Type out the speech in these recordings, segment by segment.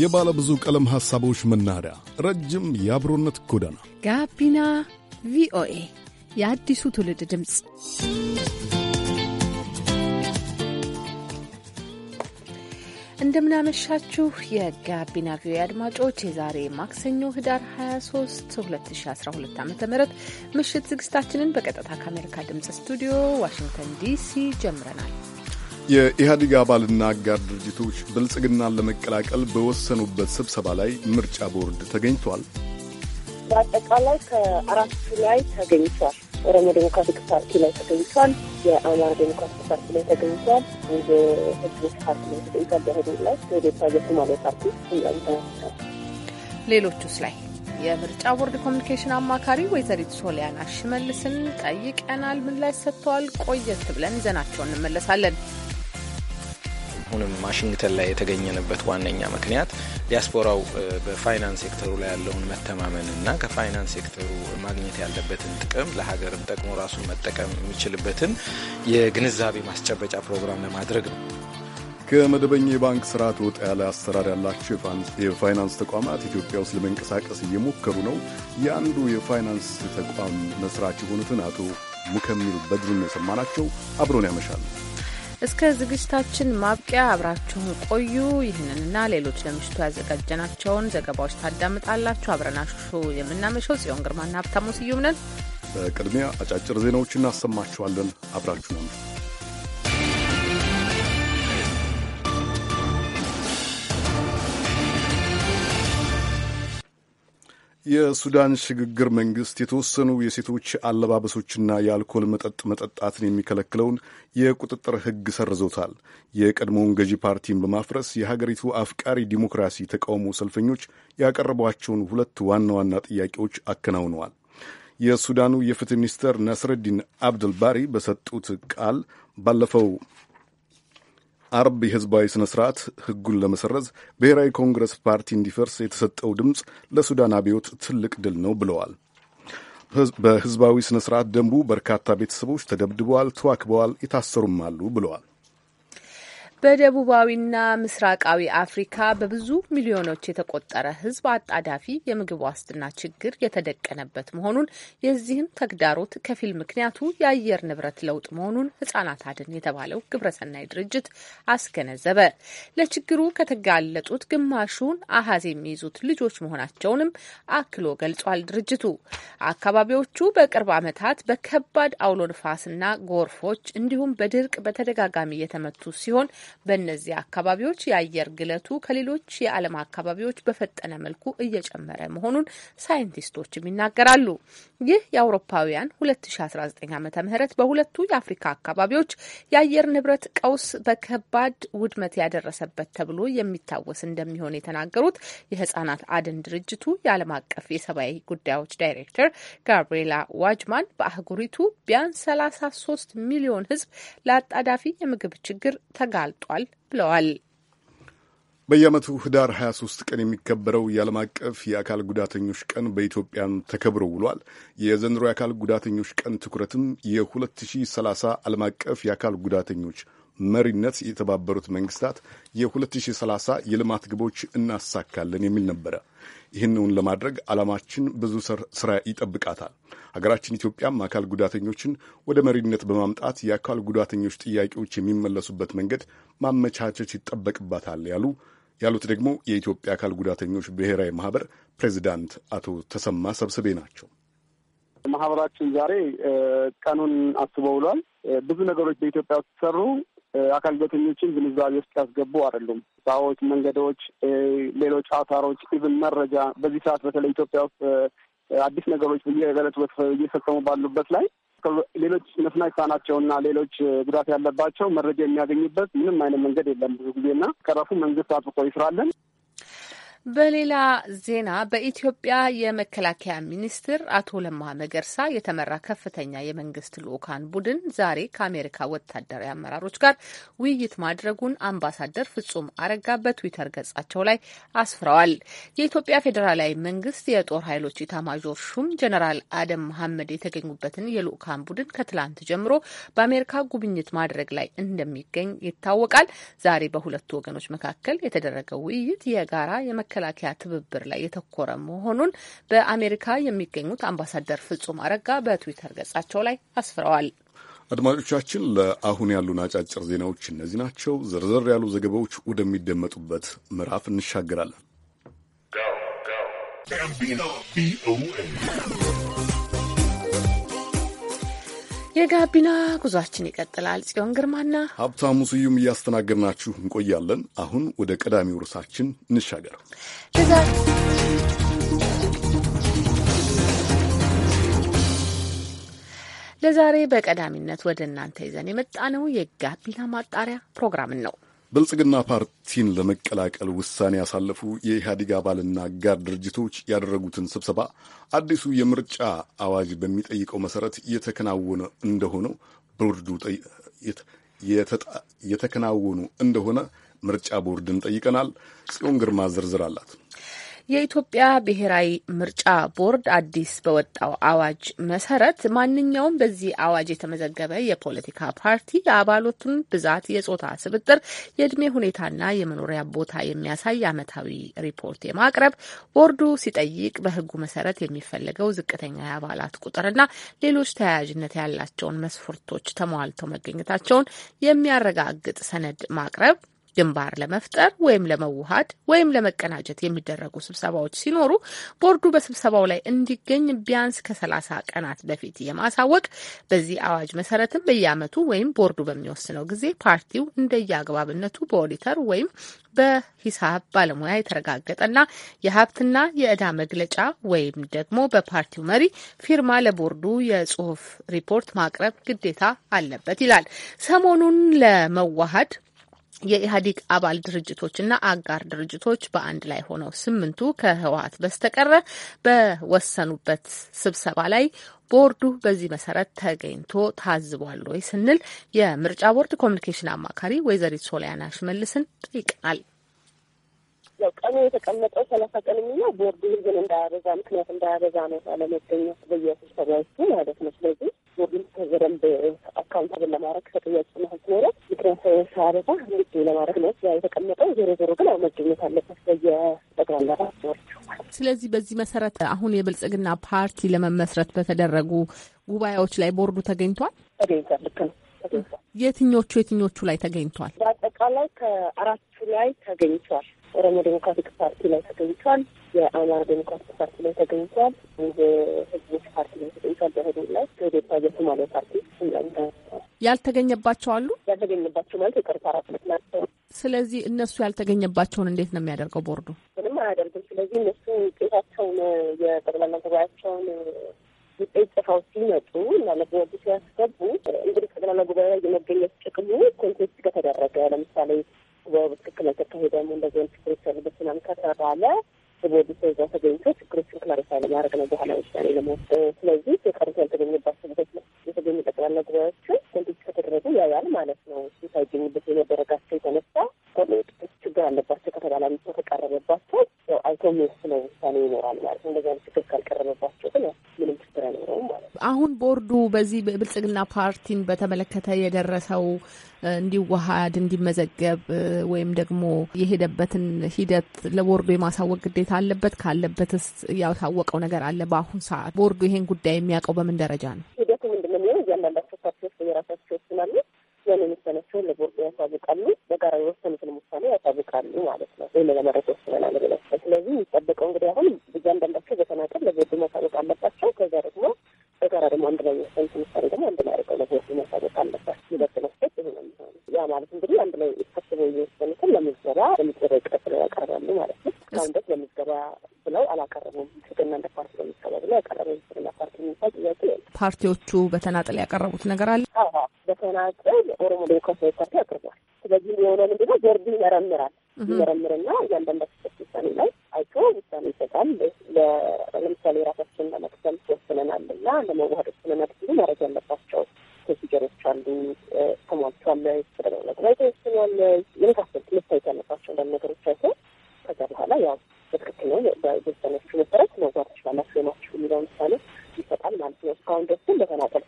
የባለ ብዙ ቀለም ሐሳቦች መናኸሪያ፣ ረጅም የአብሮነት ጎዳና፣ ጋቢና ቪኦኤ የአዲሱ ትውልድ ድምፅ። እንደምናመሻችሁ የጋቢና ቪኦኤ አድማጮች፣ የዛሬ ማክሰኞ ህዳር 23 2012 ዓ ም ምሽት ዝግጅታችንን በቀጥታ ከአሜሪካ ድምፅ ስቱዲዮ ዋሽንግተን ዲሲ ጀምረናል። የኢህአዴግ አባልና አጋር ድርጅቶች ብልጽግናን ለመቀላቀል በወሰኑበት ስብሰባ ላይ ምርጫ ቦርድ ተገኝቷል። በአጠቃላይ ከአራቱ ላይ ተገኝቷል። ኦሮሞ ዴሞክራቲክ ፓርቲ ላይ ተገኝቷል። የአማራ ዴሞክራቲክ ፓርቲ ላይ ተገኝቷል። የህዝቦች ፓርቲ ላይ ተገኝቷል። በህዝብ ላይ ዴፓ የሶማሌ ፓርቲ ተገኝቷል። ሌሎቹስ ላይ የምርጫ ቦርድ ኮሚኒኬሽን አማካሪ ወይዘሪት ሶሊያና ሽመልስን ጠይቀናል። ምላሽ ሰጥተዋል። ቆየት ብለን ይዘናቸውን እንመለሳለን። አሁንም ዋሽንግተን ላይ የተገኘንበት ዋነኛ ምክንያት ዲያስፖራው በፋይናንስ ሴክተሩ ላይ ያለውን መተማመን እና ከፋይናንስ ሴክተሩ ማግኘት ያለበትን ጥቅም ለሀገርም ጠቅሞ ራሱን መጠቀም የሚችልበትን የግንዛቤ ማስጨበጫ ፕሮግራም ለማድረግ ነው። ከመደበኛ የባንክ ስርዓት ወጣ ያለ አሰራር ያላቸው የፋይናንስ ተቋማት ኢትዮጵያ ውስጥ ለመንቀሳቀስ እየሞከሩ ነው። የአንዱ የፋይናንስ ተቋም መስራች የሆኑትን አቶ ሙከሚል በድሩን የሰማናቸው አብሮን ያመሻል። እስከ ዝግጅታችን ማብቂያ አብራችሁን ቆዩ። ይህንንና ሌሎች ለምሽቱ ያዘጋጀናቸውን ዘገባዎች ታዳምጣላችሁ። አብረናችሁ የምናመሸው ጽዮን ግርማና ሀብታሙ ስዩም ነን። በቅድሚያ አጫጭር ዜናዎች እናሰማችኋለን። አብራችሁ ነው። የሱዳን ሽግግር መንግስት የተወሰኑ የሴቶች አለባበሶችና የአልኮል መጠጥ መጠጣትን የሚከለክለውን የቁጥጥር ሕግ ሰርዞታል። የቀድሞውን ገዢ ፓርቲን በማፍረስ የሀገሪቱ አፍቃሪ ዲሞክራሲ ተቃውሞ ሰልፈኞች ያቀረቧቸውን ሁለት ዋና ዋና ጥያቄዎች አከናውነዋል። የሱዳኑ የፍትህ ሚኒስተር ነስረዲን አብዱልባሪ በሰጡት ቃል ባለፈው አርብ የህዝባዊ ስነ ስርዓት ህጉን ለመሰረዝ ብሔራዊ ኮንግረስ ፓርቲ እንዲፈርስ የተሰጠው ድምፅ ለሱዳን አብዮት ትልቅ ድል ነው ብለዋል። በህዝባዊ ስነ ስርዓት ደንቡ በርካታ ቤተሰቦች ተደብድበዋል፣ ተዋክበዋል፣ የታሰሩም አሉ ብለዋል። በደቡባዊና ምስራቃዊ አፍሪካ በብዙ ሚሊዮኖች የተቆጠረ ሕዝብ አጣዳፊ የምግብ ዋስትና ችግር የተደቀነበት መሆኑን የዚህም ተግዳሮት ከፊል ምክንያቱ የአየር ንብረት ለውጥ መሆኑን ሕጻናት አድን የተባለው ግብረሰናይ ድርጅት አስገነዘበ። ለችግሩ ከተጋለጡት ግማሹን አሀዝ የሚይዙት ልጆች መሆናቸውንም አክሎ ገልጿል። ድርጅቱ አካባቢዎቹ በቅርብ ዓመታት በከባድ አውሎ ንፋስና ጎርፎች እንዲሁም በድርቅ በተደጋጋሚ የተመቱ ሲሆን በእነዚህ አካባቢዎች የአየር ግለቱ ከሌሎች የዓለም አካባቢዎች በፈጠነ መልኩ እየጨመረ መሆኑን ሳይንቲስቶችም ይናገራሉ። ይህ የአውሮፓውያን 2019 ዓ ም በሁለቱ የአፍሪካ አካባቢዎች የአየር ንብረት ቀውስ በከባድ ውድመት ያደረሰበት ተብሎ የሚታወስ እንደሚሆን የተናገሩት የህጻናት አድን ድርጅቱ የዓለም አቀፍ የሰብአዊ ጉዳዮች ዳይሬክተር ጋብሪኤላ ዋጅማን በአህጉሪቱ ቢያንስ 33 ሚሊዮን ህዝብ ለአጣዳፊ የምግብ ችግር ተጋል ተሰጧል ብለዋል። በየዓመቱ ህዳር 23 ቀን የሚከበረው የዓለም አቀፍ የአካል ጉዳተኞች ቀን በኢትዮጵያም ተከብሮ ውሏል። የዘንድሮ የአካል ጉዳተኞች ቀን ትኩረትም የ2030 ዓለም አቀፍ የአካል ጉዳተኞች መሪነት የተባበሩት መንግስታት የ2030 የልማት ግቦች እናሳካለን የሚል ነበረ። ይህንውን ለማድረግ ዓላማችን ብዙ ስራ ይጠብቃታል። ሀገራችን ኢትዮጵያም አካል ጉዳተኞችን ወደ መሪነት በማምጣት የአካል ጉዳተኞች ጥያቄዎች የሚመለሱበት መንገድ ማመቻቸት ይጠበቅባታል ያሉ ያሉት ደግሞ የኢትዮጵያ አካል ጉዳተኞች ብሔራዊ ማህበር ፕሬዚዳንት አቶ ተሰማ ሰብስቤ ናቸው። ማህበራችን ዛሬ ቀኑን አስበውሏል። ብዙ ነገሮች በኢትዮጵያ ውስጥ ሰሩ አካል ጉዳተኞችን ግንዛቤ ውስጥ ያስገቡ አይደሉም። ሳዎች፣ መንገዶች፣ ሌሎች አውታሮች፣ ኢቭን መረጃ በዚህ ሰዓት በተለይ ኢትዮጵያ ውስጥ አዲስ ነገሮች በየዕለቱ እየፈጸሙ ባሉበት ላይ ሌሎች መስማት እና ሌሎች ጉዳት ያለባቸው መረጃ የሚያገኙበት ምንም አይነት መንገድ የለም ብዙ ጊዜና ቀረፉ መንግስት አጥብቆ ይስራለን። በሌላ ዜና በኢትዮጵያ የመከላከያ ሚኒስትር አቶ ለማ መገርሳ የተመራ ከፍተኛ የመንግስት ልዑካን ቡድን ዛሬ ከአሜሪካ ወታደራዊ አመራሮች ጋር ውይይት ማድረጉን አምባሳደር ፍጹም አረጋ በትዊተር ገጻቸው ላይ አስፍረዋል። የኢትዮጵያ ፌዴራላዊ መንግስት የጦር ኃይሎች ኢታማዦር ሹም ጀነራል አደም መሐመድ የተገኙበትን የልዑካን ቡድን ከትላንት ጀምሮ በአሜሪካ ጉብኝት ማድረግ ላይ እንደሚገኝ ይታወቃል። ዛሬ በሁለቱ ወገኖች መካከል የተደረገው ውይይት የጋራ የመከ መከላከያ ትብብር ላይ የተኮረ መሆኑን በአሜሪካ የሚገኙት አምባሳደር ፍጹም አረጋ በትዊተር ገጻቸው ላይ አስፍረዋል። አድማጮቻችን፣ ለአሁን ያሉን አጫጭር ዜናዎች እነዚህ ናቸው። ዝርዝር ያሉ ዘገባዎች ወደሚደመጡበት ምዕራፍ እንሻገራለን። የጋቢና ጉዟችን ይቀጥላል። ጽዮን ግርማና ሀብታሙ ስዩም እያስተናገድናችሁ እንቆያለን። አሁን ወደ ቀዳሚው ርዕሳችን እንሻገር። ለዛሬ በቀዳሚነት ወደ እናንተ ይዘን የመጣነው የጋቢና ማጣሪያ ፕሮግራምን ነው። ብልጽግና ፓርቲን ለመቀላቀል ውሳኔ ያሳለፉ የኢህአዴግ አባልና አጋር ድርጅቶች ያደረጉትን ስብሰባ አዲሱ የምርጫ አዋጅ በሚጠይቀው መሰረት የተከናወነ እንደሆነው ቦርዱ የተከናወኑ እንደሆነ ምርጫ ቦርድን ጠይቀናል። ጽዮን ግርማ ዝርዝር አላት። የኢትዮጵያ ብሔራዊ ምርጫ ቦርድ አዲስ በወጣው አዋጅ መሰረት ማንኛውም በዚህ አዋጅ የተመዘገበ የፖለቲካ ፓርቲ የአባሎቱን ብዛት፣ የጾታ ስብጥር፣ የእድሜ ሁኔታና የመኖሪያ ቦታ የሚያሳይ ዓመታዊ ሪፖርት የማቅረብ ቦርዱ ሲጠይቅ በሕጉ መሰረት የሚፈለገው ዝቅተኛ የአባላት ቁጥርና ሌሎች ተያያዥነት ያላቸውን መስፈርቶች ተሟልተው መገኘታቸውን የሚያረጋግጥ ሰነድ ማቅረብ ግንባር ለመፍጠር ወይም ለመዋሃድ ወይም ለመቀናጀት የሚደረጉ ስብሰባዎች ሲኖሩ ቦርዱ በስብሰባው ላይ እንዲገኝ ቢያንስ ከሰላሳ ቀናት በፊት የማሳወቅ በዚህ አዋጅ መሰረትም በየአመቱ ወይም ቦርዱ በሚወስነው ጊዜ ፓርቲው እንደየአግባብነቱ በኦዲተር ወይም በሂሳብ ባለሙያ የተረጋገጠና የሀብትና የእዳ መግለጫ ወይም ደግሞ በፓርቲው መሪ ፊርማ ለቦርዱ የጽሁፍ ሪፖርት ማቅረብ ግዴታ አለበት ይላል። ሰሞኑን ለመዋሃድ የኢህአዴግ አባል ድርጅቶችና አጋር ድርጅቶች በአንድ ላይ ሆነው ስምንቱ ከህወሀት በስተቀረ በወሰኑበት ስብሰባ ላይ ቦርዱ በዚህ መሰረት ተገኝቶ ታዝቧል ወይ ስንል የምርጫ ቦርድ ኮሚኒኬሽን አማካሪ ወይዘሪት ሶሊያና ሽመልስን ጠይቀናል። ያው ቀኑ የተቀመጠው ሰላሳ ቀን የሚለው ቦርዱ ህዝብን እንዳያበዛ ምክንያት እንዳያበዛ ነው ለመገኘት በየስብሰባዎቹ ማለት ነው። ስለዚህ ሞቢል በደንብ አካውንታብል ለማድረግ ተጠያቂ መሆን ሲኖረ ምክንያት ሳያበዛ ንግድ ለማድረግ ነው ያ የተቀመጠው። ዞሮ ዞሮ ግን አሁ መገኘት አለበት በየጠቅላላ ራዎች። ስለዚህ በዚህ መሰረት አሁን የብልጽግና ፓርቲ ለመመስረት በተደረጉ ጉባኤዎች ላይ ቦርዱ ተገኝቷል ተገኝቷል። ልክ ነው ተገኝቷል። የትኞቹ የትኞቹ ላይ ተገኝቷል? በአጠቃላይ ከአራቱ ላይ ተገኝቷል። ኦሮሞ ዴሞክራቲክ ፓርቲ ላይ ተገኝቷል። የአማራ ዴሞክራቲክ ፓርቲ ላይ ተገኝቷል። የህዝቦች ፓርቲ ላይ ተገኝቷል። በህዱ ላይ ከኢትዮጵያ የሶማሌ ፓርቲ ያልተገኘባቸው አሉ። ያልተገኘባቸው ማለት የቀሩት አራት ናቸው። ስለዚህ እነሱ ያልተገኘባቸውን እንዴት ነው የሚያደርገው ቦርዱ? ምንም አያደርግም። ስለዚህ እነሱ ውጤታቸውን የጠቅላላ ጉባኤያቸውን ውጤት ጽፈው ሲመጡ እና ለቦርዱ ሲያስገቡ እንግዲህ ጠቅላላ ጉባኤ ላይ የመገኘት ጥቅሙ ኮንቴስት ከተደረገ ለምሳሌ በትክክል አልተካሄ ደግሞ እንደዚህ አይነት ችግሮች ያሉበት ምናምን ከተባለ ቦርዱ ሰው ተገኝቶ ችግሮችን ክላሪፋይ ለማድረግ ነው በኋላ ውሳኔ ለመወሰድ። ስለዚህ የቀሩት ያልተገኘባቸው ቦታዎች የተገኙ ጠቅላላ ጉባኤዎችን ኮንቴክስት ከተደረጉ ያያል ማለት ነው። እሱ ሳይገኝበት የመደረጋቸው የተነሳ ቆሎጥ ችግር አለባቸው ከተባለ ተቀረበባቸው አይቶ የሚወስነው ውሳኔ ይኖራል ማለት ነው። እንደዚህ አይነት ችግር ካልቀረበባቸው አሁን ቦርዱ በዚህ ብልጽግና ፓርቲን በተመለከተ የደረሰው እንዲዋሃድ እንዲመዘገብ ወይም ደግሞ የሄደበትን ሂደት ለቦርዱ የማሳወቅ ግዴታ አለበት? ካለበትስ ያሳወቀው ነገር አለ? በአሁን ሰዓት ቦርዱ ይሄን ጉዳይ የሚያውቀው በምን ደረጃ ነው? ሂደቱ ምንድን ነው የሚሆነው? እያንዳንዳቸው ፓርቲዎች የራሳቸው ይወስናሉ። ያንን ውሳኔያቸውን ለቦርዱ ያሳውቃሉ። በጋራ የወሰኑትን ውሳኔ ያሳውቃሉ ማለት ነው። ወይም ለመረጃ ወስነናል ብላቸው ስለዚህ የሚጠበቀው እንግዲህ አሁን እያንዳንዳቸው በተናጠል ለቦርዱ ማሳወቅ አለባቸው። ከዛ ደግሞ ጋር ደግሞ አንድ ላይ ወሳኝ ትንሳሪ ደግሞ አንድ ላይ አርገው ለህይወት መሳለቅ አለበት። ሁለት መስጠት የሆነ ሚሆኑ ያ ማለት እንግዲህ አንድ ላይ ታስበው እየወሰኑትን ለምዝገባ ለምዝገባ ይቅረት ብለው ያቀርባሉ ማለት ነው። እስካሁን ድረስ ለምዝገባ ብለው አላቀረቡም። ፍቅና እንደ ፓርቲ ለምዝገባ ብለው ያቀረበ ፍቅና ፓርቲ የሚባል ጥያቄ የለም። ፓርቲዎቹ በተናጠል ያቀረቡት ነገር አለ። በተናጠል ኦሮሞ ዴሞክራሲያዊ ፓርቲ አቅርቧል። ስለዚህ የሆነ ምንድነው ቦርዱ ይመረምራል። ይመረምርና እያንዳንዳ እያንዳንዳቸው ውሳኔ ላይ አይቶ ውሳኔ ይሰጣል። ለምሳሌ የራሳችን ለመክፈል ወስነናል እና ለመዋሀድ ወስነናል ሲሉ ማድረግ ያለባቸው ፕሮሲጀሮች አሉ። ተሟልቷል፣ ተደጋግላት ላይ ተወስኗል፣ የመሳሰሉት መታየት ያለባቸው አንዳንድ ነገሮች አይቶ ከዛ በኋላ ያው በትክክል ነው በውሳኔዎቹ መሰረት መዋሀድ ትችላላችሁ የማችሁ የሚለው ምሳሌ ይሰጣል ማለት ነው። እስካሁን ደስ በተናጠል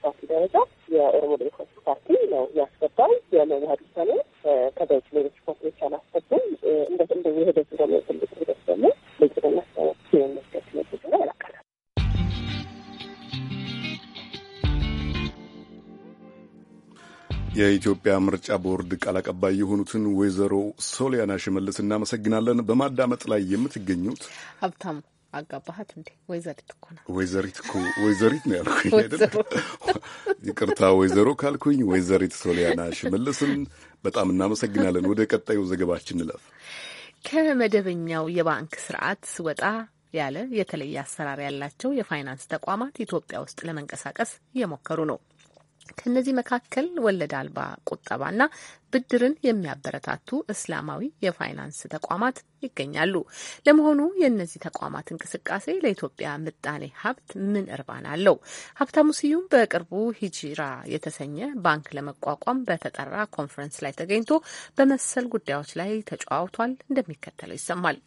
የኢትዮጵያ ምርጫ ቦርድ ቃል አቀባይ የሆኑትን ወይዘሮ ሶሊያና ሽመልስ እናመሰግናለን። በማዳመጥ ላይ የምትገኙት ሀብታም አጋባሃት እንዴ? ወይዘሪት እኮ ነው። ወይዘሪት እኮ ወይዘሪት ነው ያልኩኝ አይደል? ይቅርታ ወይዘሮ ካልኩኝ። ወይዘሪት ሶሊያና ሽመልስን በጣም እናመሰግናለን። ወደ ቀጣዩ ዘገባችን እንለፍ። ከመደበኛው የባንክ ስርዓት ወጣ ያለ የተለየ አሰራር ያላቸው የፋይናንስ ተቋማት ኢትዮጵያ ውስጥ ለመንቀሳቀስ እየሞከሩ ነው። ከእነዚህ መካከል ወለድ አልባ ቁጠባና ብድርን የሚያበረታቱ እስላማዊ የፋይናንስ ተቋማት ይገኛሉ። ለመሆኑ የእነዚህ ተቋማት እንቅስቃሴ ለኢትዮጵያ ምጣኔ ሀብት ምን እርባና አለው? ሀብታሙ ስዩም በቅርቡ ሂጂራ የተሰኘ ባንክ ለመቋቋም በተጠራ ኮንፈረንስ ላይ ተገኝቶ በመሰል ጉዳዮች ላይ ተጨዋውቷል። እንደሚከተለው ይሰማል።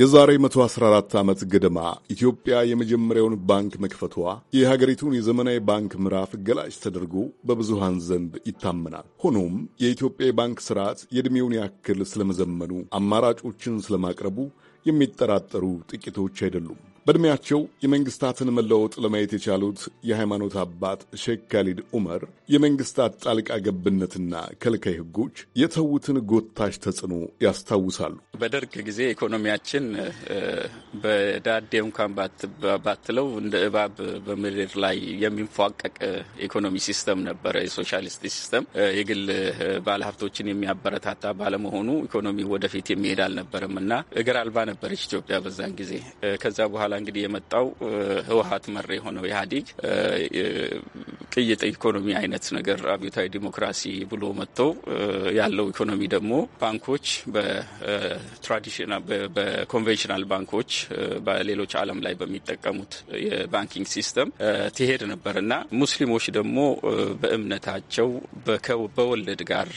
የዛሬ 114 ዓመት ገደማ ኢትዮጵያ የመጀመሪያውን ባንክ መክፈቷ የሀገሪቱን የዘመናዊ ባንክ ምዕራፍ ገላጭ ተደርጎ በብዙሃን ዘንድ ይታመናል። ሆኖም የኢትዮጵያ የባንክ ስርዓት የዕድሜውን ያክል ስለመዘመኑ፣ አማራጮችን ስለማቅረቡ የሚጠራጠሩ ጥቂቶች አይደሉም። በዕድሜያቸው የመንግሥታትን መለወጥ ለማየት የቻሉት የሃይማኖት አባት ሼክ ካሊድ ዑመር የመንግሥታት ጣልቃ ገብነትና ከልካይ ህጎች የተዉትን ጎታች ተጽዕኖ ያስታውሳሉ። በደርግ ጊዜ ኢኮኖሚያችን በዳዴ እንኳን ባትለው እንደ እባብ በምድር ላይ የሚንፏቀቅ ኢኮኖሚ ሲስተም ነበረ። የሶሻሊስት ሲስተም የግል ባለሀብቶችን የሚያበረታታ ባለመሆኑ ኢኮኖሚ ወደፊት የሚሄድ አልነበረም እና እግር አልባ ነበረች ኢትዮጵያ በዛን ጊዜ ከዛ በኋላ በኋላ እንግዲህ የመጣው ህወሀት መር የሆነው ኢህአዴግ ቅይጥ ኢኮኖሚ አይነት ነገር አብዮታዊ ዲሞክራሲ ብሎ መጥቶ ያለው ኢኮኖሚ ደግሞ ባንኮች በትራዲሽናል በኮንቬንሽናል ባንኮች በሌሎች ዓለም ላይ በሚጠቀሙት የባንኪንግ ሲስተም ትሄድ ነበር እና ሙስሊሞች ደግሞ በእምነታቸው በወለድ ጋር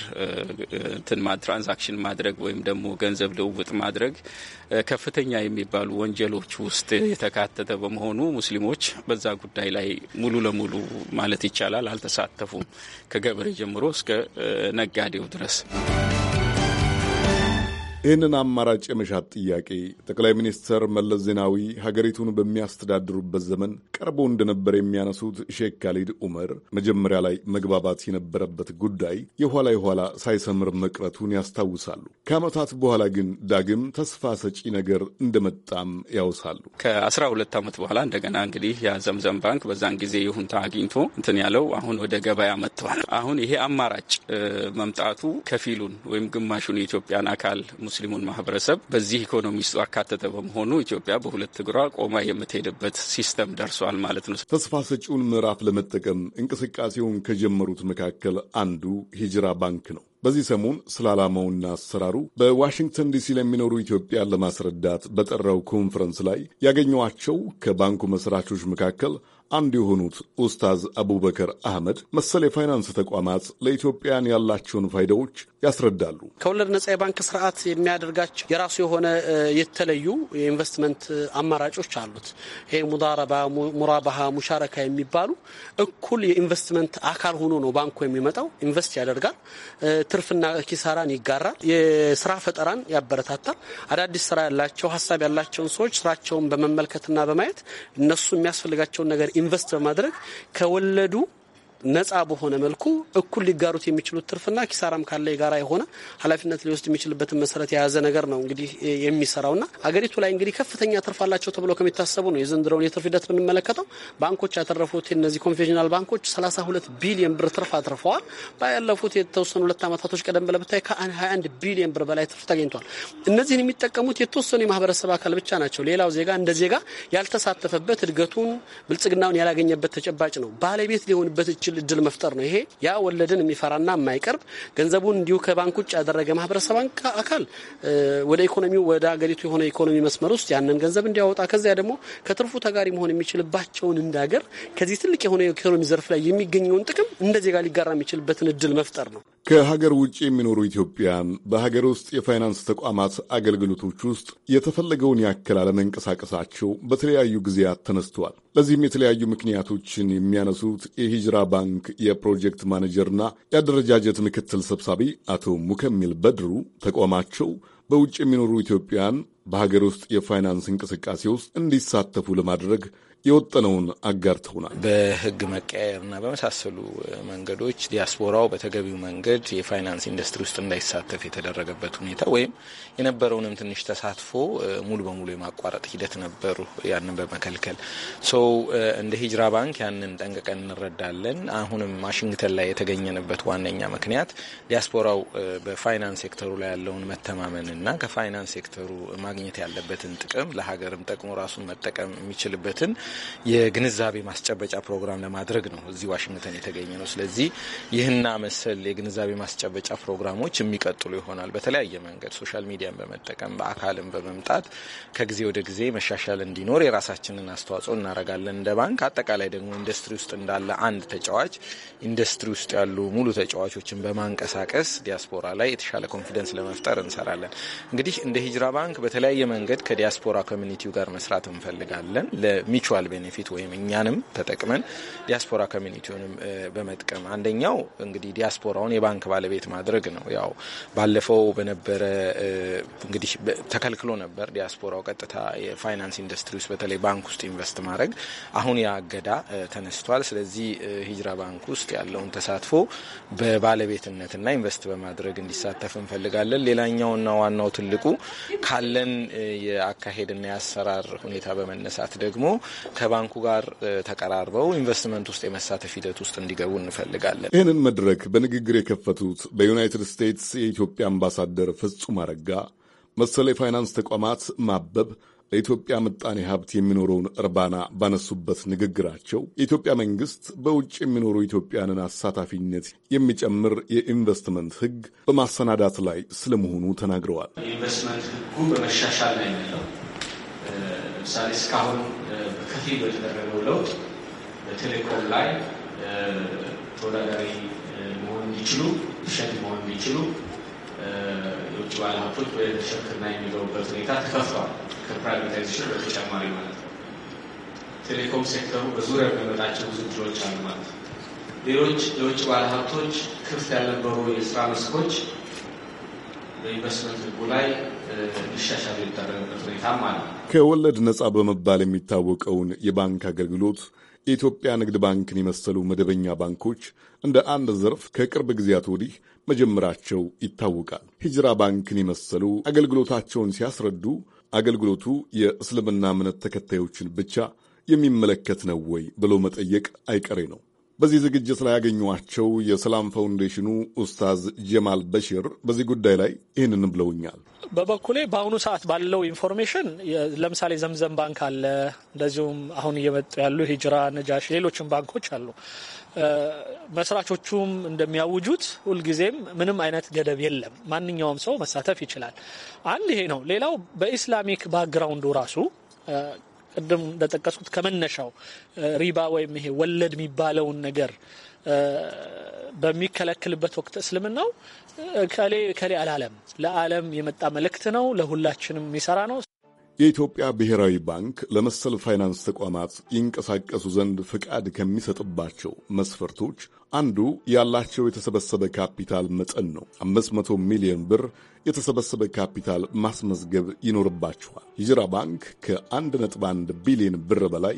ትራንዛክሽን ማድረግ ወይም ደግሞ ገንዘብ ልውውጥ ማድረግ ከፍተኛ የሚባሉ ወንጀሎች ውስጥ የተካተተ በመሆኑ ሙስሊሞች በዛ ጉዳይ ላይ ሙሉ ለሙሉ ማለት ይቻላል አልተሳተፉም፣ ከገበሬ ጀምሮ እስከ ነጋዴው ድረስ። ይህንን አማራጭ የመሻት ጥያቄ ጠቅላይ ሚኒስትር መለስ ዜናዊ ሀገሪቱን በሚያስተዳድሩበት ዘመን ቀርቦ እንደነበር የሚያነሱት ሼክ ካሊድ ኡመር መጀመሪያ ላይ መግባባት የነበረበት ጉዳይ የኋላ የኋላ ሳይሰምር መቅረቱን ያስታውሳሉ። ከዓመታት በኋላ ግን ዳግም ተስፋ ሰጪ ነገር እንደመጣም ያውሳሉ። ከአስራ ሁለት ዓመት በኋላ እንደገና እንግዲህ የዘምዘም ባንክ በዛን ጊዜ ይሁንታ አግኝቶ እንትን ያለው አሁን ወደ ገበያ መጥተዋል። አሁን ይሄ አማራጭ መምጣቱ ከፊሉን ወይም ግማሹን የኢትዮጵያን አካል ሙስሊሙን ማህበረሰብ በዚህ ኢኮኖሚ ውስጥ አካተተ በመሆኑ ኢትዮጵያ በሁለት እግሯ ቆማ የምትሄድበት ሲስተም ደርሷል ማለት ነው። ተስፋ ሰጪውን ምዕራፍ ለመጠቀም እንቅስቃሴውን ከጀመሩት መካከል አንዱ ሂጅራ ባንክ ነው። በዚህ ሰሞን ስለ ዓላማውና አሰራሩ በዋሽንግተን ዲሲ ለሚኖሩ ኢትዮጵያን ለማስረዳት በጠራው ኮንፈረንስ ላይ ያገኘኋቸው ከባንኩ መስራቾች መካከል አንዱ የሆኑት ኡስታዝ አቡበከር አህመድ መሰል የፋይናንስ ተቋማት ለኢትዮጵያን ያላቸውን ፋይዳዎች ያስረዳሉ። ከወለድ ነጻ የባንክ ስርዓት የሚያደርጋቸው የራሱ የሆነ የተለዩ የኢንቨስትመንት አማራጮች አሉት። ይሄ ሙዳረባ፣ ሙራባሃ፣ ሙሻረካ የሚባሉ እኩል የኢንቨስትመንት አካል ሆኖ ነው ባንኩ የሚመጣው። ኢንቨስት ያደርጋል፣ ትርፍና ኪሳራን ይጋራል፣ የስራ ፈጠራን ያበረታታል። አዳዲስ ስራ ያላቸው ሀሳብ ያላቸውን ሰዎች ስራቸውን በመመልከትና በማየት እነሱ የሚያስፈልጋቸውን ነገር ኢንቨስት በማድረግ ከወለዱ ነፃ በሆነ መልኩ እኩል ሊጋሩት የሚችሉት ትርፍና ኪሳራም ካለ የጋራ የሆነ ኃላፊነት ሊወስድ የሚችልበትን መሰረት የያዘ ነገር ነው እንግዲህ የሚሰራውና አገሪቱ ላይ እንግዲህ ከፍተኛ ትርፍ አላቸው ተብሎ ከሚታሰቡ ነው የዘንድሮውን የትርፍ ሂደት ብንመለከተው ባንኮች ያተረፉት እነዚህ ኮንቬንሽናል ባንኮች 32 ቢሊዮን ብር ትርፍ አትርፈዋል። ባለፉት የተወሰኑ ሁለት ዓመታቶች ቀደም ብለህ ከ21 ቢሊዮን ብር በላይ ትርፍ ተገኝቷል። እነዚህን የሚጠቀሙት የተወሰኑ የማህበረሰብ አካል ብቻ ናቸው። ሌላው ዜጋ እንደ ዜጋ ያልተሳተፈበት እድገቱን ብልጽግናውን ያላገኘበት ተጨባጭ ነው ባለቤት ሊሆንበት ይችል ለሌሎችን እድል መፍጠር ነው። ይሄ ያ ወለድን የሚፈራና የማይቀርብ ገንዘቡን እንዲሁ ከባንክ ውጭ ያደረገ ማህበረሰብ አካል ወደ ኢኮኖሚው ወደ ሀገሪቱ የሆነ ኢኮኖሚ መስመር ውስጥ ያንን ገንዘብ እንዲያወጣ ከዚያ ደግሞ ከትርፉ ተጋሪ መሆን የሚችልባቸውን እንዳገር ከዚህ ትልቅ የሆነ የኢኮኖሚ ዘርፍ ላይ የሚገኘውን ጥቅም እንደ ዜጋ ሊጋራ የሚችልበትን እድል መፍጠር ነው። ከሀገር ውጭ የሚኖሩ ኢትዮጵያን በሀገር ውስጥ የፋይናንስ ተቋማት አገልግሎቶች ውስጥ የተፈለገውን ያክል አለመንቀሳቀሳቸው በተለያዩ ጊዜያት ተነስተዋል። ለዚህም የተለያዩ ምክንያቶችን የሚያነሱት የሂጅራ ባንክ የፕሮጀክት ማኔጀርና የአደረጃጀት ምክትል ሰብሳቢ አቶ ሙከሚል በድሩ ተቋማቸው በውጭ የሚኖሩ ኢትዮጵያን በሀገር ውስጥ የፋይናንስ እንቅስቃሴ ውስጥ እንዲሳተፉ ለማድረግ የወጠነውን አጋርተውናል። በህግ መቀያየርና በመሳሰሉ መንገዶች ዲያስፖራው በተገቢው መንገድ የፋይናንስ ኢንዱስትሪ ውስጥ እንዳይሳተፍ የተደረገበት ሁኔታ ወይም የነበረውንም ትንሽ ተሳትፎ ሙሉ በሙሉ የማቋረጥ ሂደት ነበሩ። ያንን በመከልከል ሰው እንደ ሂጅራ ባንክ ያንን ጠንቅቀን እንረዳለን። አሁንም ዋሽንግተን ላይ የተገኘንበት ዋነኛ ምክንያት ዲያስፖራው በፋይናንስ ሴክተሩ ላይ ያለውን መተማመንና ከፋይናንስ ሴክተሩ ማግኘት ያለበትን ጥቅም ለሀገርም ጠቅሞ ራሱን መጠቀም የሚችልበትን የግንዛቤ ማስጨበጫ ፕሮግራም ለማድረግ ነው እዚህ ዋሽንግተን የተገኘ ነው። ስለዚህ ይህና መሰል የግንዛቤ ማስጨበጫ ፕሮግራሞች የሚቀጥሉ ይሆናል። በተለያየ መንገድ ሶሻል ሚዲያን በመጠቀም በአካልም በመምጣት ከጊዜ ወደ ጊዜ መሻሻል እንዲኖር የራሳችንን አስተዋጽኦ እናደርጋለን እንደ ባንክ። አጠቃላይ ደግሞ ኢንዱስትሪ ውስጥ እንዳለ አንድ ተጫዋች ኢንዱስትሪ ውስጥ ያሉ ሙሉ ተጫዋቾችን በማንቀሳቀስ ዲያስፖራ ላይ የተሻለ ኮንፊደንስ ለመፍጠር እንሰራለን። እንግዲህ እንደ ሂጅራ ባንክ በተለያየ መንገድ ከዲያስፖራ ኮሚኒቲው ጋር መስራት እንፈልጋለን ለሚቹዋል ሶሻል ቤኔፊት ወይም እኛንም ተጠቅመን ዲያስፖራ ኮሚኒቲውንም በመጥቀም አንደኛው እንግዲህ ዲያስፖራውን የባንክ ባለቤት ማድረግ ነው። ያው ባለፈው በነበረ እንግዲህ ተከልክሎ ነበር ዲያስፖራው ቀጥታ የፋይናንስ ኢንዱስትሪ ውስጥ በተለይ ባንክ ውስጥ ኢንቨስት ማድረግ። አሁን ያ እገዳ ተነስቷል። ስለዚህ ሂጅራ ባንክ ውስጥ ያለውን ተሳትፎ በባለቤትነትና ኢንቨስት በማድረግ እንዲሳተፍ እንፈልጋለን። ሌላኛውና ዋናው ትልቁ ካለን የአካሄድና የአሰራር ሁኔታ በመነሳት ደግሞ ከባንኩ ጋር ተቀራርበው ኢንቨስትመንት ውስጥ የመሳተፍ ሂደት ውስጥ እንዲገቡ እንፈልጋለን። ይህንን መድረክ በንግግር የከፈቱት በዩናይትድ ስቴትስ የኢትዮጵያ አምባሳደር ፍጹም አረጋ መሰል የፋይናንስ ተቋማት ማበብ ለኢትዮጵያ ምጣኔ ሀብት የሚኖረውን እርባና ባነሱበት ንግግራቸው የኢትዮጵያ መንግስት በውጭ የሚኖሩ ኢትዮጵያንን አሳታፊነት የሚጨምር የኢንቨስትመንት ሕግ በማሰናዳት ላይ ስለመሆኑ ተናግረዋል። ኢንቨስትመንት ሕጉ በመሻሻል ላይ ያለው ለምሳሌ እስካሁን ከፊል በተደረገው ለውጥ በቴሌኮም ላይ ተወዳዳሪ መሆን እንዲችሉ ሸት መሆን እንዲችሉ የውጭ ባለሀብቶች በሽርክና የሚገቡበት ሁኔታ ተከፍቷል። ከፕራይቬታይዜሽን በተጨማሪ ማለት ነው። ቴሌኮም ሴክተሩ በዙሪያ የሚመጣቸው ብዙ ድሮች አሉ ማለት ነው። ሌሎች የውጭ ባለሀብቶች ክፍት ያልነበሩ የስራ መስኮች በኢንቨስትመንት ህጉ ላይ ከወለድ ነጻ በመባል የሚታወቀውን የባንክ አገልግሎት የኢትዮጵያ ንግድ ባንክን የመሰሉ መደበኛ ባንኮች እንደ አንድ ዘርፍ ከቅርብ ጊዜያት ወዲህ መጀመራቸው ይታወቃል። ሂጅራ ባንክን የመሰሉ አገልግሎታቸውን ሲያስረዱ አገልግሎቱ የእስልምና እምነት ተከታዮችን ብቻ የሚመለከት ነው ወይ ብሎ መጠየቅ አይቀሬ ነው። በዚህ ዝግጅት ላይ ያገኟቸው የሰላም ፋውንዴሽኑ ኡስታዝ ጀማል በሽር በዚህ ጉዳይ ላይ ይህንን ብለውኛል። በበኩሌ በአሁኑ ሰዓት ባለው ኢንፎርሜሽን ለምሳሌ ዘምዘም ባንክ አለ፣ እንደዚሁም አሁን እየመጡ ያሉ ሂጅራ፣ ነጃሽ፣ ሌሎችም ባንኮች አሉ። መስራቾቹም እንደሚያውጁት ሁልጊዜም ምንም አይነት ገደብ የለም፣ ማንኛውም ሰው መሳተፍ ይችላል። አንድ ይሄ ነው። ሌላው በኢስላሚክ ባክግራውንዱ ራሱ ቅድም እንደጠቀስኩት ከመነሻው ሪባ ወይም ይሄ ወለድ የሚባለውን ነገር በሚከለክልበት ወቅት እስልምናው ከሌ ከሌ አላለም ለዓለም የመጣ መልእክት ነው። ለሁላችንም የሚሰራ ነው። የኢትዮጵያ ብሔራዊ ባንክ ለመሰል ፋይናንስ ተቋማት ይንቀሳቀሱ ዘንድ ፍቃድ ከሚሰጥባቸው መስፈርቶች አንዱ ያላቸው የተሰበሰበ ካፒታል መጠን ነው። 500 ሚሊዮን ብር የተሰበሰበ ካፒታል ማስመዝገብ ይኖርባቸዋል። ሂጅራ ባንክ ከ1.1 ቢሊዮን ብር በላይ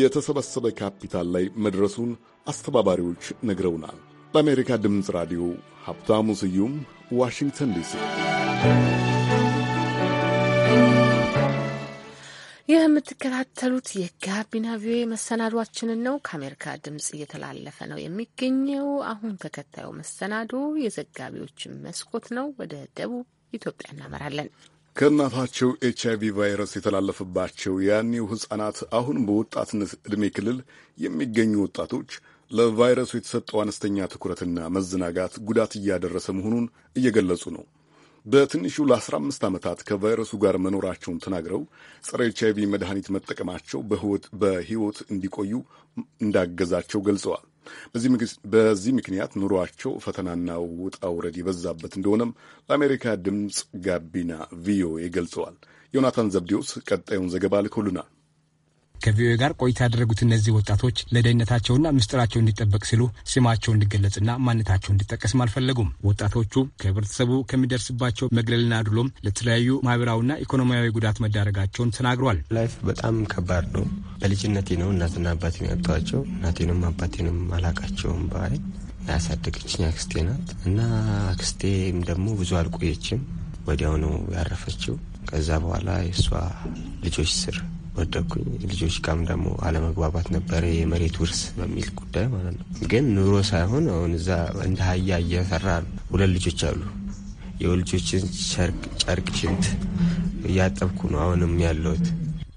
የተሰበሰበ ካፒታል ላይ መድረሱን አስተባባሪዎች ነግረውናል። ለአሜሪካ ድምፅ ራዲዮ ሀብታሙ ስዩም ዋሽንግተን ዲሲ ይህ የምትከታተሉት የጋቢና ቪኦኤ መሰናዷችንን ነው። ከአሜሪካ ድምጽ እየተላለፈ ነው የሚገኘው። አሁን ተከታዩ መሰናዶ የዘጋቢዎችን መስኮት ነው። ወደ ደቡብ ኢትዮጵያ እናመራለን። ከእናታቸው ኤች አይቪ ቫይረስ የተላለፈባቸው ያኔው ሕፃናት አሁን በወጣትነት ዕድሜ ክልል የሚገኙ ወጣቶች ለቫይረሱ የተሰጠው አነስተኛ ትኩረትና መዘናጋት ጉዳት እያደረሰ መሆኑን እየገለጹ ነው። በትንሹ ለ15 ዓመታት ከቫይረሱ ጋር መኖራቸውን ተናግረው ጸረ ኤች አይቪ መድኃኒት መጠቀማቸው በሕይወት እንዲቆዩ እንዳገዛቸው ገልጸዋል። በዚህ ምክንያት ኑሯቸው ፈተናና ውጣ ውረድ የበዛበት እንደሆነም ለአሜሪካ ድምፅ ጋቢና ቪኦኤ ገልጸዋል። ዮናታን ዘብዴዎስ ቀጣዩን ዘገባ ልኮልናል። ከቪኦኤ ጋር ቆይታ ያደረጉት እነዚህ ወጣቶች ለደህንነታቸውና ምስጢራቸው እንዲጠበቅ ሲሉ ስማቸው እንዲገለጽና ማንነታቸው እንዲጠቀስም አልፈለጉም። ወጣቶቹ ከህብረተሰቡ ከሚደርስባቸው መግለልና አድሎም ለተለያዩ ማህበራዊና ኢኮኖሚያዊ ጉዳት መዳረጋቸውን ተናግሯል። ላይፍ በጣም ከባድ ነው። በልጅነቴ ነው እናትና አባት ያቅተዋቸው። እናቴንም አባቴንም አላቃቸውም በአይን ያሳደገችኝ አክስቴ ናት እና አክስቴም ደግሞ ብዙ አልቆየችም። ወዲያው ነው ያረፈችው። ከዛ በኋላ የእሷ ልጆች ስር ወደኩኝ። ልጆች ጋም ደግሞ አለመግባባት ነበረ፣ የመሬት ውርስ በሚል ጉዳይ ማለት ነው። ግን ኑሮ ሳይሆን አሁን እዛ እንደ ሀያ እየሰራ ነው። ሁለት ልጆች አሉ። የወልጆችን ጨርቅ ሽንት እያጠብኩ ነው አሁንም ያለሁት።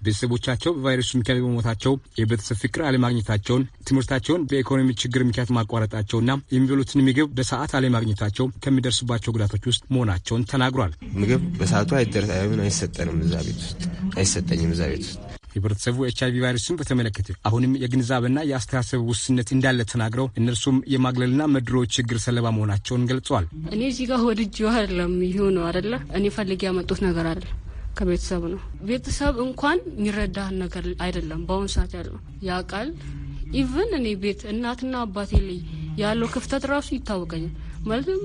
ቤተሰቦቻቸው በቫይረሱ ምክንያት በሞታቸው የቤተሰብ ፍቅር አለማግኘታቸውን፣ ትምህርታቸውን በኢኮኖሚ ችግር ምክንያት ማቋረጣቸውና የሚበሉትን ምግብ በሰዓት አለማግኘታቸው ከሚደርስባቸው ጉዳቶች ውስጥ መሆናቸውን ተናግሯል። ምግብ በሰዓቱ አይሰጠንም እዛ ቤት ውስጥ አይሰጠኝም እዛ ቤት ውስጥ ህብረተሰቡ ኤች አይቪ ቫይረስን በተመለከተ አሁንም የግንዛቤና የአስተሳሰብ ውስንነት እንዳለ ተናግረው እነርሱም የማግለልና መድሮ ችግር ሰለባ መሆናቸውን ገልጸዋል። እኔ እዚህ ጋር ወድጅ አይደለም ይሁ ነው አደለ እኔ ፈልግ ያመጡት ነገር አለ ከቤተሰብ ነው። ቤተሰብ እንኳን የሚረዳህን ነገር አይደለም በአሁኑ ሰዓት ያለው ያውቃል። ኢቨን እኔ ቤት እናትና አባቴ ላይ ያለው ክፍተት ራሱ ይታወቀኛል። ማለትም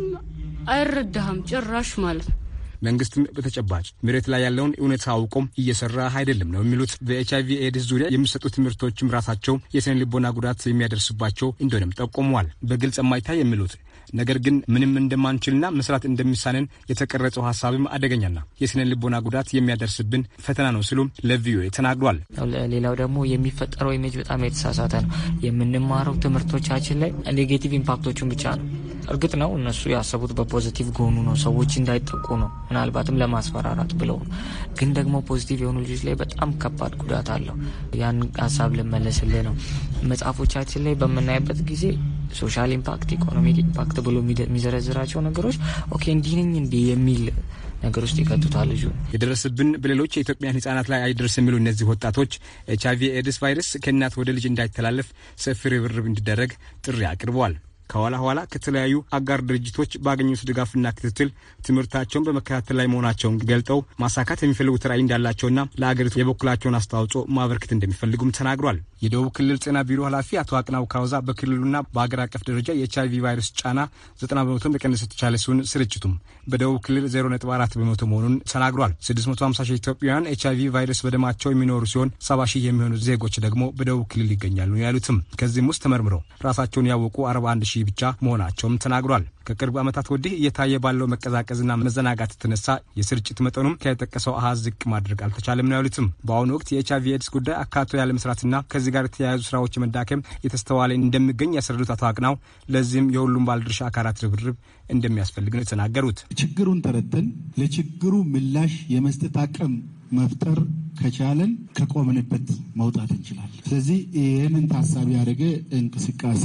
አይረዳህም ጭራሽ ማለት ነው መንግስትም በተጨባጭ መሬት ላይ ያለውን እውነት አውቆም እየሰራ አይደለም ነው የሚሉት። በኤች አይቪ ኤድስ ዙሪያ የሚሰጡ ትምህርቶችም ራሳቸው የስነ ልቦና ጉዳት የሚያደርስባቸው እንደሆነም ጠቁመዋል። በግልጽ የማይታይ የሚሉት ነገር ግን ምንም እንደማንችልና መስራት እንደሚሳንን የተቀረጸው ሀሳብም አደገኛና የስነ ልቦና ጉዳት የሚያደርስብን ፈተና ነው ሲሉም ለቪኦኤ ተናግሯል። ሌላው ደግሞ የሚፈጠረው ኢሜጅ በጣም የተሳሳተ ነው። የምንማረው ትምህርቶቻችን ላይ ኔጌቲቭ ኢምፓክቶቹን ብቻ ነው እርግጥ ነው እነሱ ያሰቡት በፖዚቲቭ ጎኑ ነው፣ ሰዎች እንዳይጠቁ ነው፣ ምናልባትም ለማስፈራራት ብለው ነው። ግን ደግሞ ፖዚቲቭ የሆኑ ልጆች ላይ በጣም ከባድ ጉዳት አለው። ያን ሀሳብ ልመለስልህ ነው። መጽሐፎቻችን ላይ በምናይበት ጊዜ ሶሻል ኢምፓክት፣ ኢኮኖሚክ ኢምፓክት ብሎ የሚዘረዝራቸው ነገሮች ኦኬ እንዲህ ነኝ እንዲህ የሚል ነገር ውስጥ ይከቱታል። ልጁ የደረስብን በሌሎች የኢትዮጵያን ህጻናት ላይ አይደርስ የሚሉ እነዚህ ወጣቶች ኤች አይቪ ኤድስ ቫይረስ ከእናት ወደ ልጅ እንዳይተላለፍ ሰፊ ርብርብ እንዲደረግ ጥሪ አቅርበዋል። ከኋላ ኋላ ከተለያዩ አጋር ድርጅቶች ባገኙት ድጋፍና ክትትል ትምህርታቸውን በመከታተል ላይ መሆናቸውን ገልጠው ማሳካት የሚፈልጉት ራዕይ እንዳላቸውና ለአገሪቱ የበኩላቸውን አስተዋጽኦ ማበርከት እንደሚፈልጉም ተናግሯል። የደቡብ ክልል ጤና ቢሮ ኃላፊ አቶ አቅናው ካውዛ በክልሉና በአገር አቀፍ ደረጃ የኤች አይቪ ቫይረስ ጫና ዘጠና በመቶ መቀነስ የተቻለ ሲሆን ስርጭቱም በደቡብ ክልል አራት በመቶ መሆኑን ተናግሯል። ሀምሳ ሺህ ኢትዮጵያውያን ኤች አይቪ ቫይረስ በደማቸው የሚኖሩ ሲሆን ሰባ ሺህ የሚሆኑ ዜጎች ደግሞ በደቡብ ክልል ይገኛሉ ያሉትም ከዚህም ውስጥ ተመርምረው ራሳቸውን ያወቁ 41 ሺህ ብቻ መሆናቸውም ተናግሯል። ከቅርብ ዓመታት ወዲህ እየታየ ባለው መቀዛቀዝና መዘናጋት የተነሳ የስርጭት መጠኑም ከጠቀሰው አሃዝ ዝቅ ማድረግ አልተቻለም ነው ያሉትም። በአሁኑ ወቅት የኤች አይቪ ኤድስ ጉዳይ አካቶ ያለመስራትና ከዚህ ጋር የተያያዙ ስራዎች መዳከም የተስተዋለ እንደሚገኝ ያስረዱት አቶ አቅናው ለዚህም የሁሉም ባለድርሻ አካላት ርብርብ እንደሚያስፈልግ ነው የተናገሩት። ችግሩን ተረድተን ለችግሩ ምላሽ የመስጠት አቅም መፍጠር ከቻለን ከቆምንበት መውጣት እንችላለን። ስለዚህ ይህንን ታሳቢ ያደረገ እንቅስቃሴ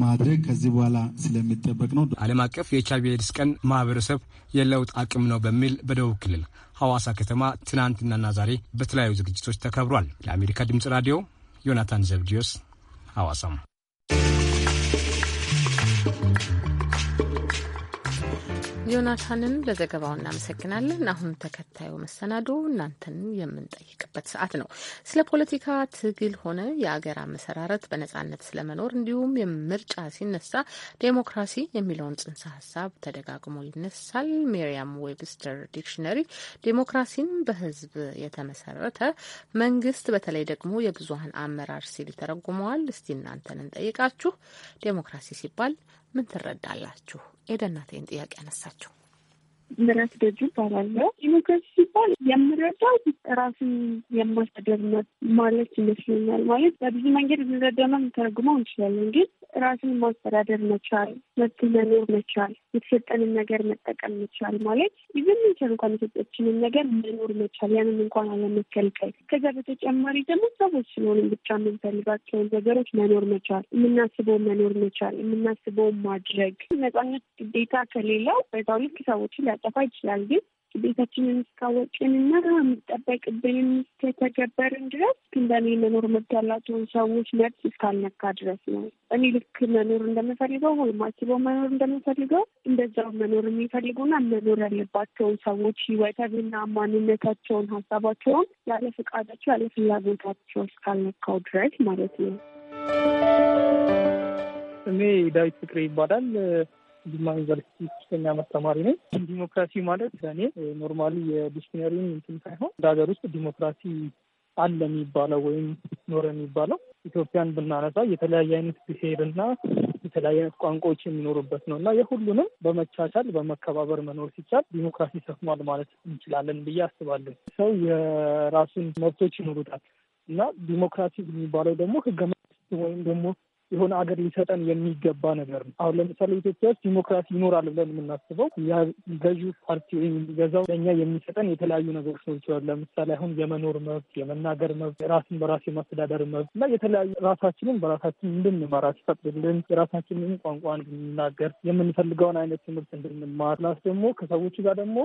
ማድረግ ከዚህ በኋላ ስለሚጠበቅ ነው። ዓለም አቀፍ የኤችአይቪ ኤድስ ቀን ማህበረሰብ የለውጥ አቅም ነው በሚል በደቡብ ክልል ሐዋሳ ከተማ ትናንትናና ዛሬ በተለያዩ ዝግጅቶች ተከብሯል። ለአሜሪካ ድምፅ ራዲዮ ዮናታን ዘብዲዮስ ሐዋሳም ዮናታንን ለዘገባው እናመሰግናለን። አሁን ተከታዩ መሰናዶ እናንተን የምንጠይቅበት ሰዓት ነው። ስለ ፖለቲካ ትግል ሆነ የአገር አመሰራረት በነጻነት ስለመኖር እንዲሁም የምርጫ ሲነሳ ዴሞክራሲ የሚለውን ጽንሰ ሀሳብ ተደጋግሞ ይነሳል። ሜሪያም ዌብስተር ዲክሽነሪ ዴሞክራሲን በህዝብ የተመሰረተ መንግስት፣ በተለይ ደግሞ የብዙሀን አመራር ሲል ይተረጉመዋል። እስቲ እናንተን እንጠይቃችሁ ዴሞክራሲ ሲባል ምን ትረዳላችሁ? ናቴን ጥያቄ አነሳቸው። ምረት ደጁ ይባላለሁ። ዲሞክራሲ ሲባል የምረዳው ራስን የማስተዳደር ማለት ይመስለኛል። ማለት በብዙ መንገድ ልንረዳና ልንተረጉመው እንችላለን። ግን ራስን ማስተዳደር መቻል፣ መብት መኖር መቻል፣ የተሰጠንን ነገር መጠቀም መቻል ማለት ይዘን ምንችል እንኳን የሰጠችንን ነገር መኖር መቻል፣ ያንን እንኳን አለመከልከል። ከዛ በተጨማሪ ደግሞ ሰዎች ስለሆነ ብቻ የምንፈልጋቸውን ነገሮች መኖር መቻል፣ የምናስበው መኖር መቻል፣ የምናስበው ማድረግ። ነጻነት ግዴታ ከሌለው በዛው ልክ ሰዎችን ሊያጠፋ ይችላል። ግን ቤታችንን እስካወቅንና የሚጠበቅብንን እስከተገበርን ድረስ ግን በእኔ መኖር መብት ያላቸውን ሰዎች መብት እስካልነካ ድረስ ነው። እኔ ልክ መኖር እንደምፈልገው ወይም አስበው መኖር እንደምፈልገው እንደዛው መኖር የሚፈልጉና መኖር ያለባቸውን ሰዎች ህይወትና ማንነታቸውን፣ ሀሳባቸውን ያለ ፈቃዳቸው ያለ ፍላጎታቸው እስካልነካው ድረስ ማለት ነው። እኔ ዳዊት ፍቅሬ ይባላል። ጅማ ዩኒቨርሲቲ ሶስተኛ ዓመት ተማሪ ነኝ። ዲሞክራሲ ማለት እኔ ኖርማሊ የዲክሽነሪን እንትን ሳይሆን እንደ ሀገር ውስጥ ዲሞክራሲ አለ የሚባለው ወይም ኖረ የሚባለው ኢትዮጵያን ብናነሳ የተለያየ አይነት ብሄርና የተለያየ አይነት ቋንቋዎች የሚኖሩበት ነው እና የሁሉንም በመቻቻል በመከባበር መኖር ሲቻል ዲሞክራሲ ሰፍሟል ማለት እንችላለን ብዬ አስባለሁ። ሰው የራሱን መብቶች ይኖሩታል እና ዲሞክራሲ የሚባለው ደግሞ ህገ መንግስት ወይም ደግሞ የሆነ አገር ሊሰጠን የሚገባ ነገር ነው። አሁን ለምሳሌ ኢትዮጵያ ውስጥ ዲሞክራሲ ይኖራል ብለን የምናስበው ገዢ ፓርቲ ወይም የሚገዛው ለእኛ የሚሰጠን የተለያዩ ነገሮች ነው ይችላል። ለምሳሌ አሁን የመኖር መብት፣ የመናገር መብት፣ ራስን በራስ የማስተዳደር መብት እና የተለያዩ ራሳችንን በራሳችን እንድንመራ ሲፈቅድልን የራሳችንን ቋንቋ እንድንናገር የምንፈልገውን አይነት ትምህርት እንድንማር ላስ ደግሞ ከሰዎች ጋር ደግሞ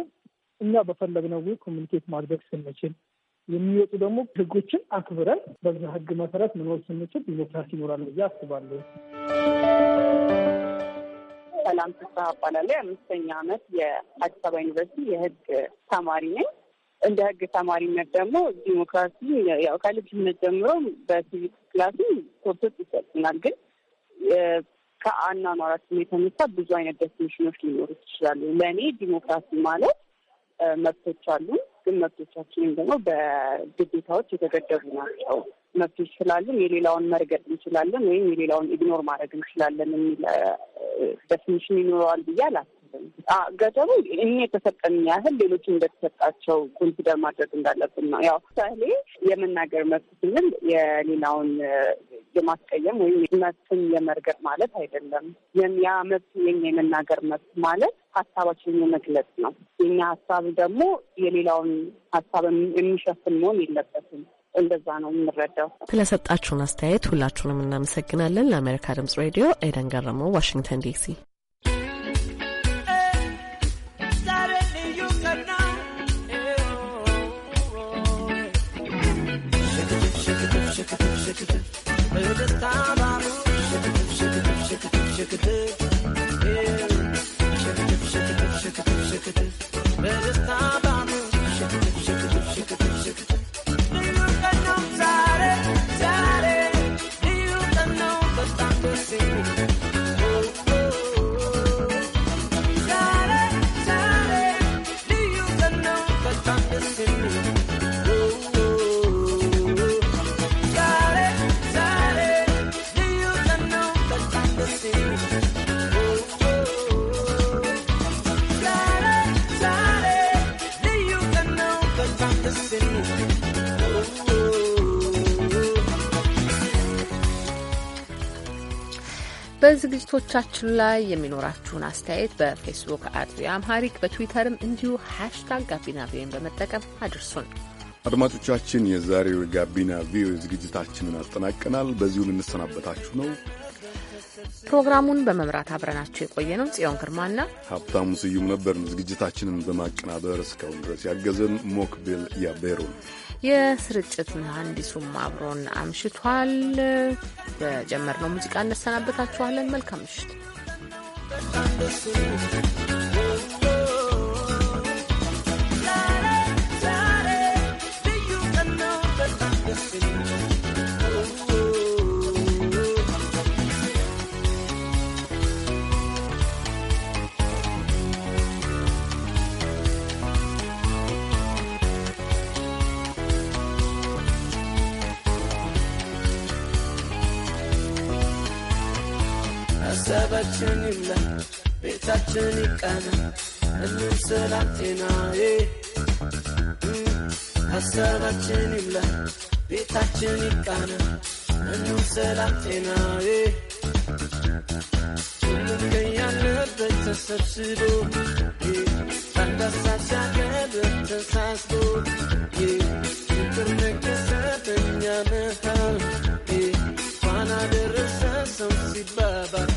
እኛ በፈለግነው ኮሚኒኬት ማድረግ ስንችል የሚወጡ ደግሞ ህጎችን አክብረን በዛ ህግ መሰረት መኖር ስንችል ዲሞክራሲ ይኖራል ብዬ አስባለሁ። ሰላም ስሳ እባላለሁ። አምስተኛ ዓመት የአዲስ አበባ ዩኒቨርሲቲ የህግ ተማሪ ነኝ። እንደ ህግ ተማሪነት ደግሞ ዲሞክራሲ ያው ከልጅነት ጀምሮ በሲቪክ ክላስ ኮርሶች ይሰጡናል። ግን ከአኗኗራችን የተነሳ ብዙ አይነት ደፊኒሽኖች ሊኖሩ ይችላሉ። ለእኔ ዲሞክራሲ ማለት መብቶች አሉ ግን መብቶቻችንም ደግሞ በግዴታዎች የተገደቡ ናቸው። መብቶች ስላለን የሌላውን መርገጥ እንችላለን ወይም የሌላውን ኢግኖር ማድረግ እንችላለን የሚል ደፊኒሽን ይኖረዋል ብዬ አላስብም። ገደቡ እኔ የተሰጠን ያህል ሌሎች እንደተሰጣቸው ኮንሲደር ማድረግ እንዳለብን ነው። ያው ምሳሌ የመናገር መብት ስንል የሌላውን የማስቀየም ወይም መብትን የመርገጥ ማለት አይደለም። ያ መብት የኛ የመናገር መብት ማለት ሀሳባችን የመግለጽ ነው። የኛ ሀሳብ ደግሞ የሌላውን ሀሳብ የሚሸፍን መሆን የለበትም። እንደዛ ነው የምንረዳው። ስለሰጣችሁን አስተያየት ሁላችሁንም እናመሰግናለን። ለአሜሪካ ድምጽ ሬዲዮ ኤደን ገረመው፣ ዋሽንግተን ዲሲ። Take Shake it, shake it, shake it, shake it, shake it. ዝግጅቶቻችን ላይ የሚኖራችሁን አስተያየት በፌስቡክ አት ቪኦኤ አምሃሪክ በትዊተርም እንዲሁ ሃሽታግ ጋቢና ቪኦኤን በመጠቀም አድርሱን። አድማጮቻችን፣ የዛሬው ጋቢና ቪኦኤ ዝግጅታችንን አጠናቀናል። በዚሁ ልንሰናበታችሁ ነው። ፕሮግራሙን በመምራት አብረናችሁ የቆየ ነው ጽዮን ግርማና ሀብታሙ ስዩም ነበርን። ዝግጅታችንን በማቀናበር እስካሁን ድረስ ያገዘን ሞክቤል ያቤሮ የስርጭት መሀንዲሱም አብሮን አምሽቷል። በጀመርነው ሙዚቃ እንሰናበታችኋለን። መልካም ምሽት። ፊታችን ይቀን ሰላም ጤና ሀሳባችን ይብላ ቤታችን ይቃነ እንሰላም ጤናዬ ሁሉም ከያለበት ተሰብስቦ አንዳሳቻ ገበር ተሳስቦ ፍቅር ሲባባል።